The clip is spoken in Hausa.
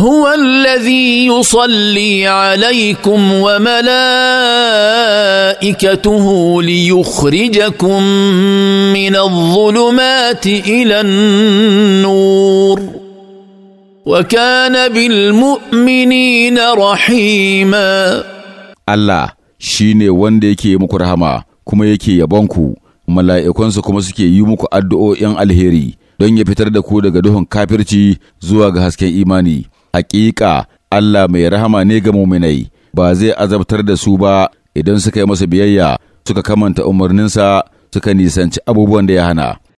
هو الذي يصلي عليكم وملائكته ليخرجكم من الظلمات الى النور وكان بالمؤمنين رحيما الله shine wanda yake muku rahama kuma yake yabon ku, mala'ikunsa kuma suke yi muku addu'o'in alheri don ya fitar da ku daga duhun kafirci zuwa ga hasken imani Hakika Allah mai rahama ne ga muminai, ba zai azabtar da su ba idan suka yi masa biyayya suka kamanta umarninsa suka nisanci abubuwan da ya hana.